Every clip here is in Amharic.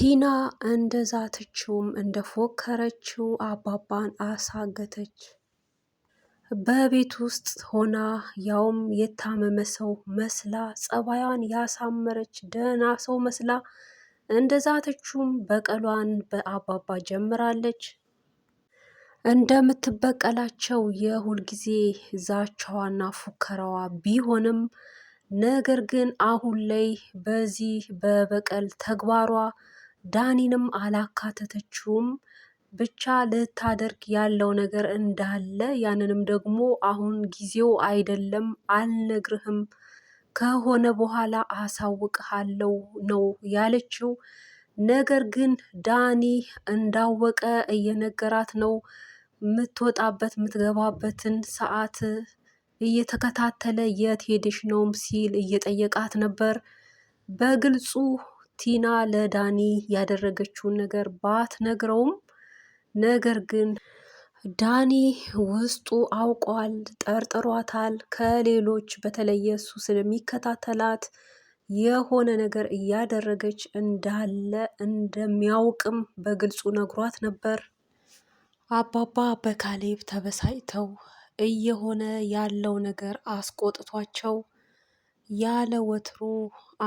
ቲና እንደ ፎከረችው አባባን አሳገተች። በቤት ውስጥ ሆና ያውም የታመመ ሰው መስላ ጸባያን ያሳመረች ደህና ሰው መስላ እንደዛተችውም በቀሏን በአባባ ጀምራለች። እንደምትበቀላቸው የሁልጊዜ ዛቻዋና ፉከራዋ ቢሆንም ነገር ግን አሁን ላይ በዚህ በበቀል ተግባሯ ዳኒንም አላካተተችውም። ብቻ ልታደርግ ያለው ነገር እንዳለ ያንንም ደግሞ አሁን ጊዜው አይደለም አልነግርህም፣ ከሆነ በኋላ አሳውቅሃለው ነው ያለችው። ነገር ግን ዳኒ እንዳወቀ እየነገራት ነው። የምትወጣበት የምትገባበትን ሰዓት እየተከታተለ የት ሄደሽ ነውም ሲል እየጠየቃት ነበር በግልጹ ቲና ለዳኒ ያደረገችውን ነገር ባትነግረውም ነገር ግን ዳኒ ውስጡ አውቋል፣ ጠርጥሯታል። ከሌሎች በተለየ እሱ ስለሚከታተላት የሆነ ነገር እያደረገች እንዳለ እንደሚያውቅም በግልጹ ነግሯት ነበር። አባባ በካሌብ ተበሳጭተው እየሆነ ያለው ነገር አስቆጥቷቸው ያለ ወትሮ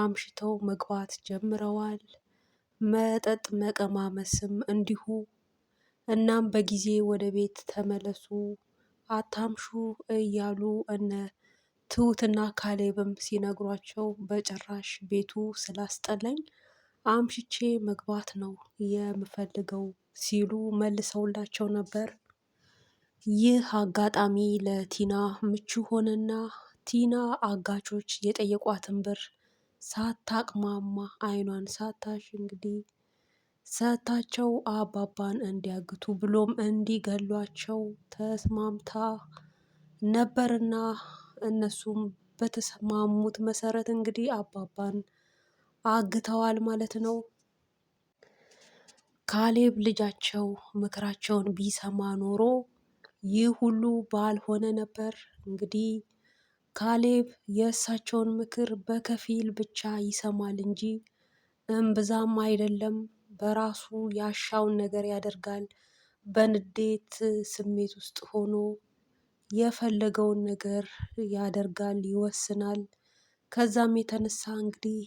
አምሽተው መግባት ጀምረዋል። መጠጥ መቀማመስም እንዲሁ። እናም በጊዜ ወደ ቤት ተመለሱ፣ አታምሹ እያሉ እነ ትሁትና ካሌብም ሲነግሯቸው በጭራሽ ቤቱ ስላስጠላኝ አምሽቼ መግባት ነው የምፈልገው ሲሉ መልሰውላቸው ነበር። ይህ አጋጣሚ ለቲና ምቹ ሆነና ቲና አጋቾች የጠየቋትን ብር ሳታቅማማ አይኗን ሳታሽ እንግዲህ ሰታቸው አባባን እንዲያግቱ ብሎም እንዲገሏቸው ተስማምታ ነበርና እነሱም በተስማሙት መሰረት እንግዲህ አባባን አግተዋል ማለት ነው። ካሌብ ልጃቸው ምክራቸውን ቢሰማ ኖሮ ይህ ሁሉ ባልሆነ ነበር። እንግዲህ ካሌብ የእሳቸውን ምክር በከፊል ብቻ ይሰማል እንጂ እምብዛም አይደለም። በራሱ ያሻውን ነገር ያደርጋል። በንዴት ስሜት ውስጥ ሆኖ የፈለገውን ነገር ያደርጋል፣ ይወስናል። ከዛም የተነሳ እንግዲህ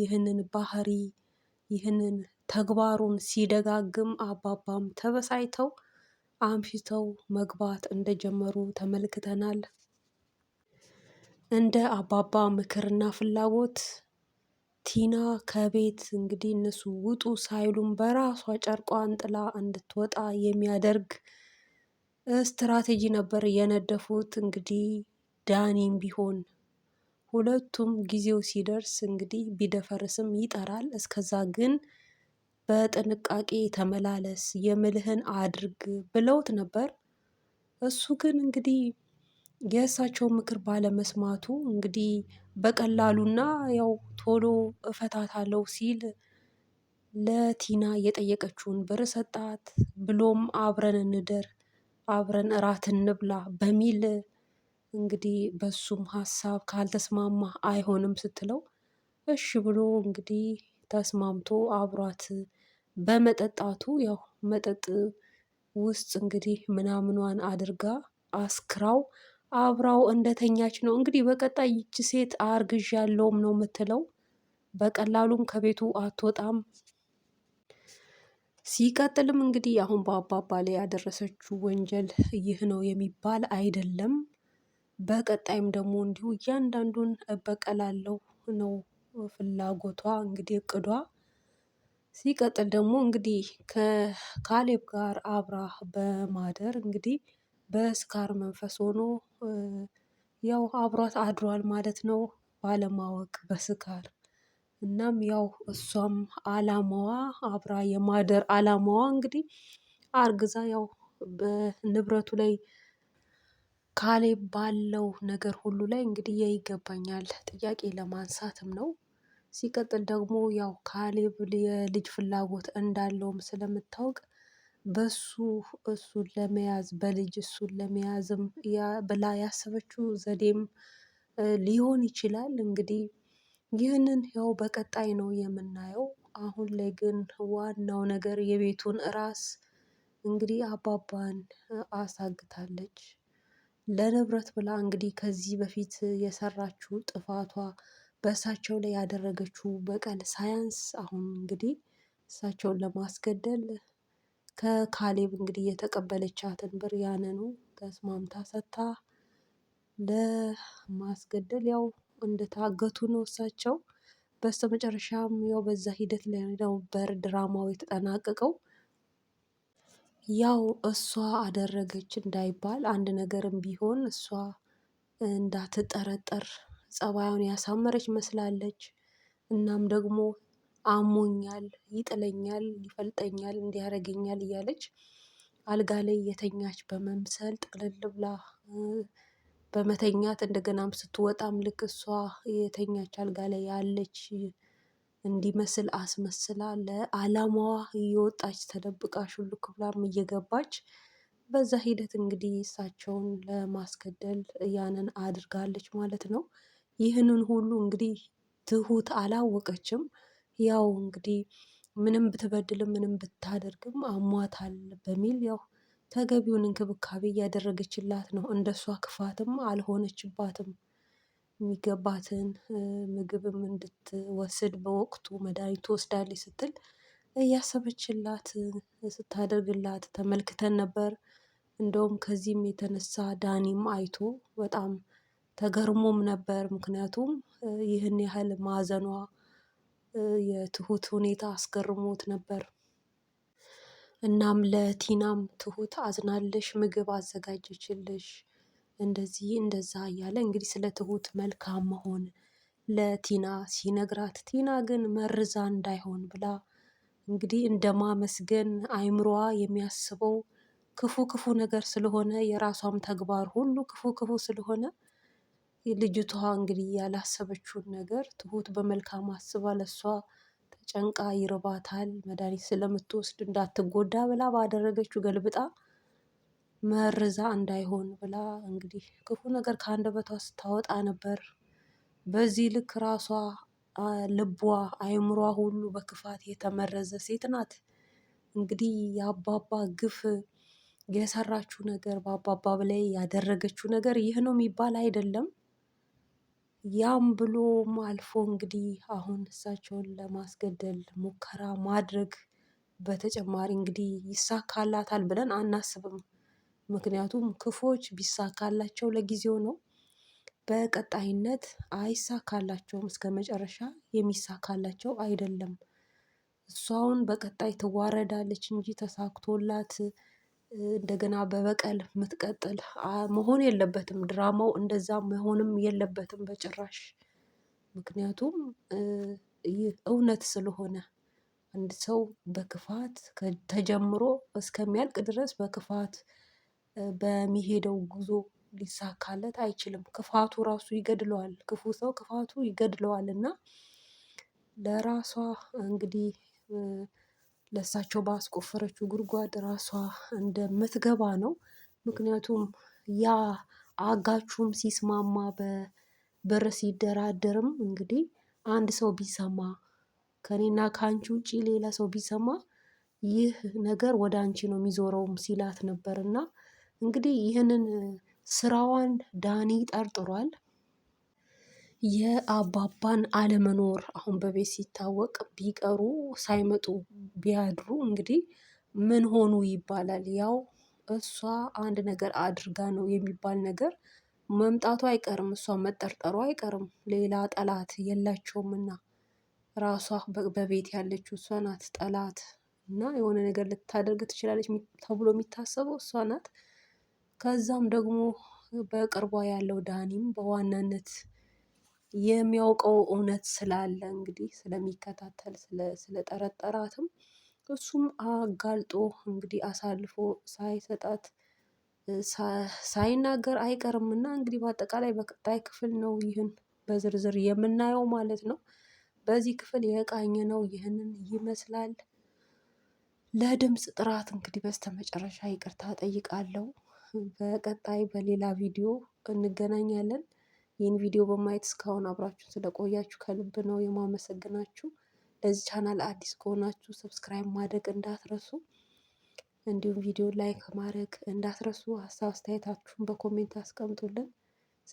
ይህንን ባህሪ ይህንን ተግባሩን ሲደጋግም አባባም ተበሳይተው አምሽተው መግባት እንደጀመሩ ተመልክተናል። እንደ አባባ ምክርና ፍላጎት ቲና ከቤት እንግዲህ እነሱ ውጡ ሳይሉም በራሷ ጨርቋን ጥላ እንድትወጣ የሚያደርግ ስትራቴጂ ነበር የነደፉት። እንግዲህ ዳኒም ቢሆን ሁለቱም ጊዜው ሲደርስ እንግዲህ ቢደፈርስም ይጠራል። እስከዛ ግን በጥንቃቄ ተመላለስ፣ የምልህን አድርግ ብለውት ነበር። እሱ ግን እንግዲህ የእሳቸው ምክር ባለመስማቱ እንግዲህ በቀላሉና ያው ቶሎ አለው ሲል ለቲና የጠየቀችውን ብር ሰጣት። ብሎም አብረን እንደር፣ አብረን እራት እንብላ በሚል እንግዲህ በሱም ሀሳብ ካልተስማማ አይሆንም ስትለው እሺ ብሎ እንግዲህ ተስማምቶ አብሯት በመጠጣቱ ያው መጠጥ ውስጥ እንግዲህ ምናምኗን አድርጋ አስክራው አብራው እንደተኛች ነው። እንግዲህ በቀጣይ ይቺ ሴት አርግዥ ያለውም ነው የምትለው። በቀላሉም ከቤቱ አትወጣም። ሲቀጥልም እንግዲህ አሁን በአባባ ላይ ያደረሰችው ወንጀል ይህ ነው የሚባል አይደለም። በቀጣይም ደግሞ እንዲሁ እያንዳንዱን እበቀላለው ነው ፍላጎቷ፣ እንግዲህ እቅዷ። ሲቀጥል ደግሞ እንግዲህ ከካሌብ ጋር አብራ በማደር እንግዲህ በስካር መንፈስ ሆኖ ያው አብሯት አድሯል ማለት ነው። ባለማወቅ በስካር እናም ያው እሷም አላማዋ አብራ የማደር አላማዋ እንግዲህ አርግዛ ያው በንብረቱ ላይ ካሌብ ባለው ነገር ሁሉ ላይ እንግዲህ የይገባኛል ጥያቄ ለማንሳትም ነው። ሲቀጥል ደግሞ ያው ካሌብ የልጅ ፍላጎት እንዳለውም ስለምታውቅ በሱ እሱን ለመያዝ በልጅ እሱን ለመያዝም ብላ ያሰበችው ዘዴም ሊሆን ይችላል። እንግዲህ ይህንን ያው በቀጣይ ነው የምናየው። አሁን ላይ ግን ዋናው ነገር የቤቱን ራስ እንግዲህ አባባን አሳግታለች። ለንብረት ብላ እንግዲህ ከዚህ በፊት የሰራችው ጥፋቷ በእሳቸው ላይ ያደረገችው በቀል ሳያንስ አሁን እንግዲህ እሳቸውን ለማስገደል ከካሌብ እንግዲህ የተቀበለቻትን ብር ያንኑ ተስማምታ ሰጥታ ለማስገደል ያው እንደታገቱ ነው እሳቸው። በስተ መጨረሻም ያው በዛ ሂደት ላይ ነበር ድራማው የተጠናቀቀው። ያው እሷ አደረገች እንዳይባል አንድ ነገርም ቢሆን እሷ እንዳትጠረጠር ጸባዩን ያሳመረች መስላለች። እናም ደግሞ አሞኛል፣ ይጥለኛል፣ ይፈልጠኛል፣ እንዲህ እያለች አልጋ ላይ የተኛች በመምሰል ጥቅልል ብላ በመተኛት እንደገናም ስትወጣም ልክ እሷ የተኛች አልጋ ላይ ያለች እንዲመስል አስመስላ ለዓላማዋ እየወጣች ተደብቃ ሹልክ ብላም እየገባች በዛ ሂደት እንግዲህ እሳቸውን ለማስገደል ያንን አድርጋለች ማለት ነው። ይህንን ሁሉ እንግዲህ ትሁት አላወቀችም። ያው እንግዲህ ምንም ብትበድልም ምንም ብታደርግም አሟታል በሚል ያው ተገቢውን እንክብካቤ እያደረገችላት ነው። እንደሷ ክፋትም አልሆነችባትም። የሚገባትን ምግብም እንድትወስድ በወቅቱ መድኃኒት ትወስዳለች ስትል እያሰበችላት ስታደርግላት ተመልክተን ነበር። እንደውም ከዚህም የተነሳ ዳኒም አይቶ በጣም ተገርሞም ነበር። ምክንያቱም ይህን ያህል ማዘኗ የትሁት ሁኔታ አስገርሞት ነበር። እናም ለቲናም ትሁት አዝናለሽ ምግብ አዘጋጀችልሽ እንደዚህ እንደዛ እያለ እንግዲህ ስለ ትሁት መልካም መሆን ለቲና ሲነግራት ቲና ግን መርዛ እንዳይሆን ብላ እንግዲህ እንደ ማመስገን አይምሮዋ የሚያስበው ክፉ ክፉ ነገር ስለሆነ የራሷም ተግባር ሁሉ ክፉ ክፉ ስለሆነ ልጅቷ እንግዲህ ያላሰበችውን ነገር ትሁት በመልካም አስባ ለሷ ተጨንቃ ይርባታል መድኃኒት ስለምትወስድ እንዳትጎዳ ብላ ባደረገችው ገልብጣ መርዛ እንዳይሆን ብላ እንግዲህ ክፉ ነገር ከአንደበቷ ስታወጣ ነበር። በዚህ ልክ ራሷ ልቧ፣ አይምሯ ሁሉ በክፋት የተመረዘ ሴት ናት። እንግዲህ የአባባ ግፍ የሰራችው ነገር በአባባ ላይ ያደረገችው ነገር ይህ ነው የሚባል አይደለም። ያም ብሎም አልፎ እንግዲህ አሁን እሳቸውን ለማስገደል ሙከራ ማድረግ በተጨማሪ እንግዲህ ይሳካላታል ብለን አናስብም። ምክንያቱም ክፎች ቢሳካላቸው ለጊዜው ነው። በቀጣይነት አይሳካላቸውም። እስከ መጨረሻ የሚሳካላቸው አይደለም። እሷውን በቀጣይ ትዋረዳለች እንጂ ተሳክቶላት እንደገና በበቀል የምትቀጥል መሆን የለበትም ድራማው እንደዛ መሆንም የለበትም በጭራሽ። ምክንያቱም ይህ እውነት ስለሆነ አንድ ሰው በክፋት ተጀምሮ እስከሚያልቅ ድረስ በክፋት በሚሄደው ጉዞ ሊሳካለት አይችልም። ክፋቱ ራሱ ይገድለዋል ክፉ ሰው ክፋቱ ይገድለዋል። እና ለራሷ እንግዲህ ለእሳቸው ባስቆፈረችው ጉድጓድ ራሷ እንደምትገባ ነው። ምክንያቱም ያ አጋቹም ሲስማማ በብር ሲደራደርም እንግዲህ አንድ ሰው ቢሰማ ከኔና ከአንቺ ውጪ ሌላ ሰው ቢሰማ ይህ ነገር ወደ አንቺ ነው የሚዞረውም ሲላት ነበር። እና እንግዲህ ይህንን ስራዋን ዳኒ ጠርጥሯል። የአባባን አለመኖር አሁን በቤት ሲታወቅ ቢቀሩ ሳይመጡ ቢያድሩ እንግዲህ ምን ሆኑ ይባላል። ያው እሷ አንድ ነገር አድርጋ ነው የሚባል ነገር መምጣቱ አይቀርም፣ እሷ መጠርጠሩ አይቀርም። ሌላ ጠላት የላቸውም ና ራሷ በቤት ያለችው እሷ ናት ጠላት እና የሆነ ነገር ልታደርግ ትችላለች ተብሎ የሚታሰበው እሷ ናት። ከዛም ደግሞ በቅርቧ ያለው ዳኒም በዋናነት የሚያውቀው እውነት ስላለ እንግዲህ ስለሚከታተል ስለጠረጠራትም እሱም አጋልጦ እንግዲህ አሳልፎ ሳይሰጣት ሳይናገር አይቀርም እና እንግዲህ በአጠቃላይ በቀጣይ ክፍል ነው ይህን በዝርዝር የምናየው ማለት ነው። በዚህ ክፍል የቃኘ ነው ይህንን ይመስላል። ለድምፅ ጥራት እንግዲህ በስተመጨረሻ ይቅርታ ጠይቃለሁ። በቀጣይ በሌላ ቪዲዮ እንገናኛለን። ይህን ቪዲዮ በማየት እስካሁን አብራችሁን ስለቆያችሁ ከልብ ነው የማመሰግናችሁ። ለዚህ ቻናል አዲስ ከሆናችሁ ሰብስክራይብ ማድረግ እንዳትረሱ፣ እንዲሁም ቪዲዮ ላይክ ማድረግ እንዳትረሱ። ሀሳብ አስተያየታችሁን በኮሜንት አስቀምጡልን።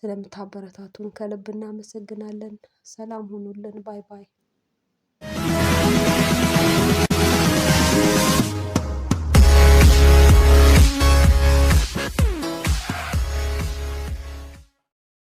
ስለምታበረታቱን ከልብ እናመሰግናለን። ሰላም ሁኑልን። ባይ ባይ።